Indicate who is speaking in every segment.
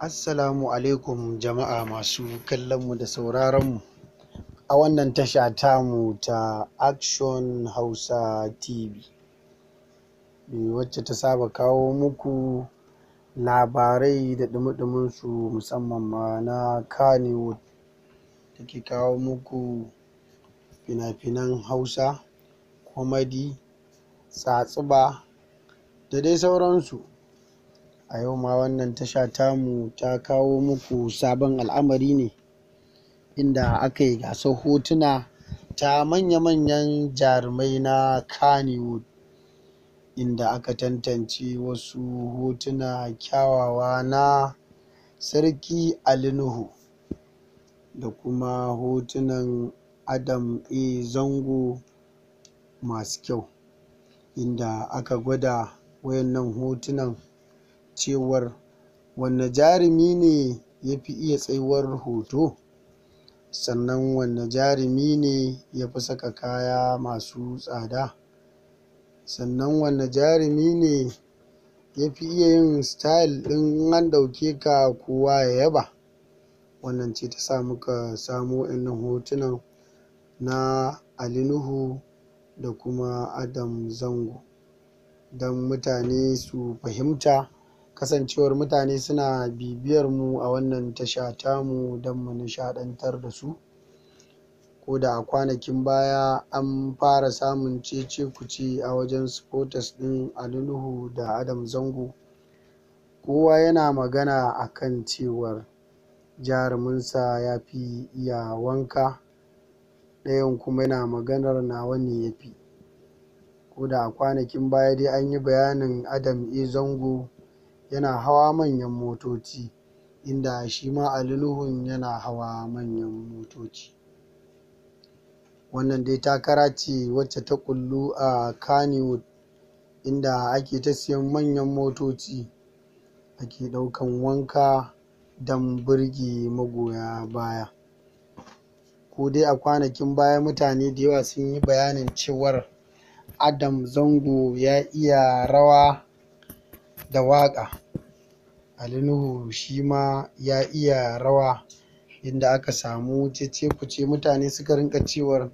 Speaker 1: Assalamu alaikum jama'a masu kallon mu da sauraron mu a wannan tasha tamu ta Action Hausa TV Me wacce ta saba kawo muku labarai da ɗumi musamman ma na Kannywood take kawo muku fina-finan Hausa, comedy, tsatsuba da dai sauransu. a yau ma wannan tasha tamu ta kawo muku sabon al'amari ne inda aka yi gasar hotuna ta manya-manyan jarumai na kannywood inda aka tantance wasu hotuna kyawawa na sarki ali nuhu da kuma hotunan adam e zango masu kyau inda aka gwada wayannan hotunan cewar wanne jarumi ne ya fi iya tsayuwar hoto sannan wanne jarumi ne ya fi saka kaya masu tsada sannan wanne jarumi ne ya fi iya yin style ɗin an ɗauke ka kowa ya yaba wannan ce ta sa muka samo waɗannan hotunan na Ali Nuhu da kuma Adam Zango don mutane su fahimta kasancewar mutane suna bibiyar mu a wannan tasha tamu don mu nishaɗantar da su ko da a kwanakin baya an fara samun cece-kuce a wajen supporters ɗin Ali da Adam Zango kowa yana magana akan kan cewar jaruminsa ya fi iya wanka ɗayan kuma yana maganar nawa ne yafi fi ko da a kwanakin baya dai an yi bayanin Adam e Zango yana hawa manyan motoci inda shi ma Ali yana hawa manyan motoci wannan dai takara ce wacce ta kullu a Kannywood inda ake ta siyan manyan motoci ake ɗaukan wanka don burge magoya baya ko dai a kwanakin baya mutane da yawa sun yi bayanin cewar Adam Zango ya iya rawa da waƙa Ali Nuhu shi ma ya iya rawa inda aka samu cece-kuce mutane suka rinka cewar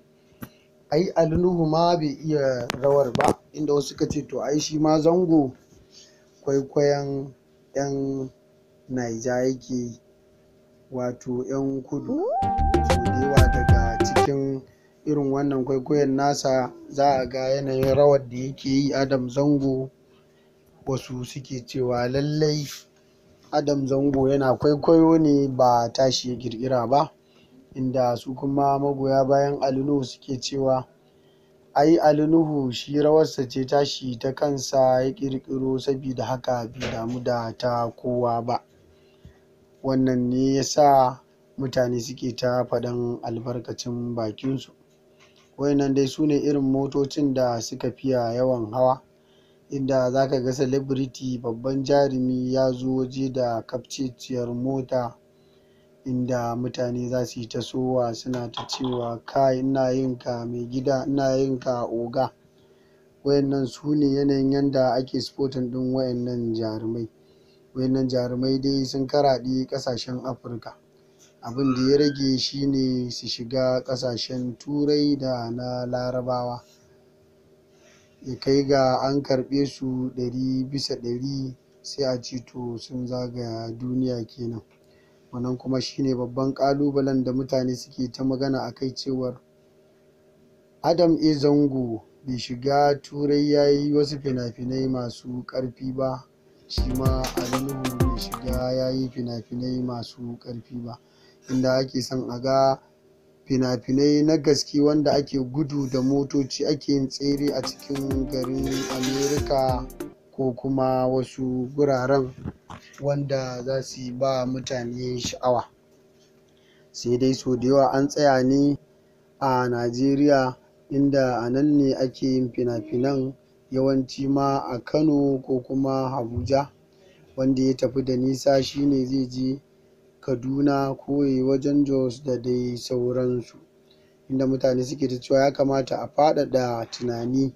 Speaker 1: ai Ali Nuhu ma bai iya rawar ba inda wasu suka ce to ai shi ma zango kwaikwayon 'yan Naija yake wato 'yan kudu sau yawa daga cikin irin wannan kwaikwayon nasa za a ga yanayin rawar da yake yi Adam Zango wasu suke cewa lallai adam zango yana kwaikwayo ne ba tashi ya ƙirƙira ba inda su kuma magoya bayan ali nuhu suke cewa ai ali nuhu shi rawarsa ce tashi ta kansa ya ƙirƙiro sabida haka bai damu da ta kowa ba wannan ne ya sa mutane suke ta faɗan albarkacin bakinsu wayannan dai su ne irin motocin da suka fiya yawan hawa inda za ka ga celebrity babban jarumi ya zo waje da kafciciyar mota inda mutane za su yi ta sowa suna ta cewa kai ina yin ka mai gida ina yin ka oga wayannan su ne yanayin yanda ake sporting ɗin wayannan jarumai wayannan jarumai dai sun karaɗe ƙasashen afirka abin da ya rage shi ne su shiga ƙasashen turai da na larabawa ya kai ga an karɓe su ɗari bisa ɗari sai a cito to sun zagaya duniya kenan wannan kuma shine babban ƙalubalen da mutane suke ta magana a kai cewar adam e zango bai shiga turai ya yi wasu fina-finai masu ƙarfi ba shi ma a bai shiga ya yi fina-finai masu ƙarfi ba inda ake son a ga fina-finai na gaske wanda ake gudu da motoci ake yin tsere a cikin garin america ko kuma wasu guraren wanda za su ba mutane sha'awa sai dai sau da yawa an tsaya ne a najeriya inda a nan ne ake yin fina-finan yawanci ma a kano ko kuma abuja wanda ya tafi da nisa shine zai je Kaduna koyi wajen Jos da dai sauransu inda mutane suke ta cewa ya kamata a faɗaɗa tunani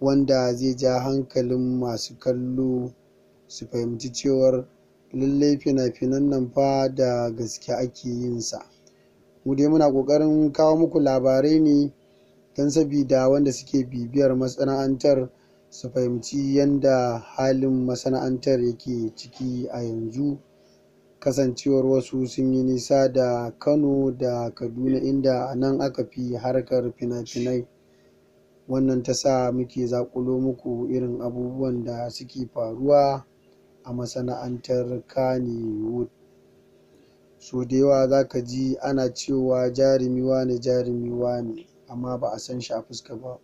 Speaker 1: wanda zai ja hankalin masu kallo su fahimci cewar lallai fina-finan nan fa da gaske ake yin sa mu dai muna ƙoƙarin kawo muku labarai ne don sabida wanda suke bibiyar masana'antar su fahimci yanda halin masana'antar yake ciki a yanzu. kasancewar wasu sun yi nisa da kano da kaduna inda a nan aka fi harkar fina-finai wannan ta sa muke zaƙulo muku irin abubuwan da suke faruwa a masana'antar kannywood so da yawa za ka ji ana cewa jarumi wane jarumi wane amma ba a san shi a fuska ba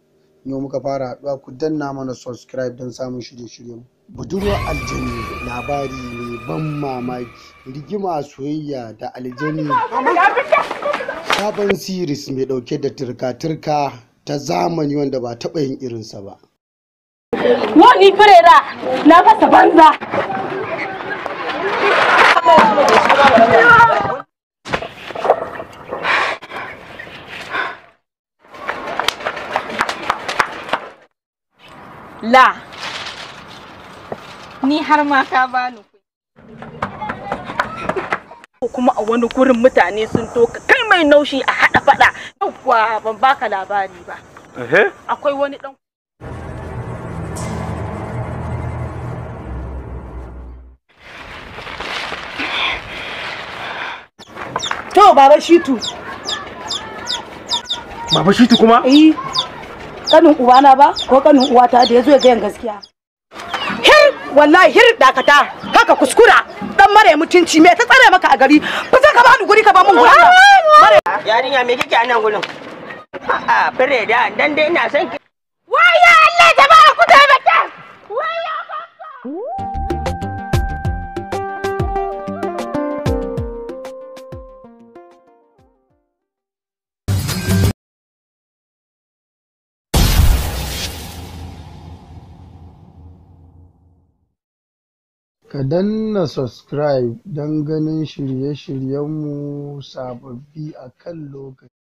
Speaker 1: yau muka fara haɗuwa ku danna mana subscribe don samun shirye-shiryen budurwar aljanu labari ban mamaki rigima soyayya da aljani sabon series mai dauke da turka-turka ta zamani wanda ba taɓa yin irinsa ba wani firera na fasa banza la ni har ma ka bani kuma a wani gurin mutane sun toka kai mai naushi a haɗa faɗa yauwa ban baka labari ba akwai wani dan To baba shitu. Baba shitu kuma? Eh. Kanin uwana ba ko kanin uwata da ya zo ya gayan gaskiya. wallahi hir dakata kaka kuskura dan mare mutunci me ta tsare maka a gari fita ka bani guri ka ba mun guri yarinya me kike a nan gurin a'a fure da dan dai ina ki ka danna subscribe don ganin shirye-shiryenmu sababbi a kan lokaci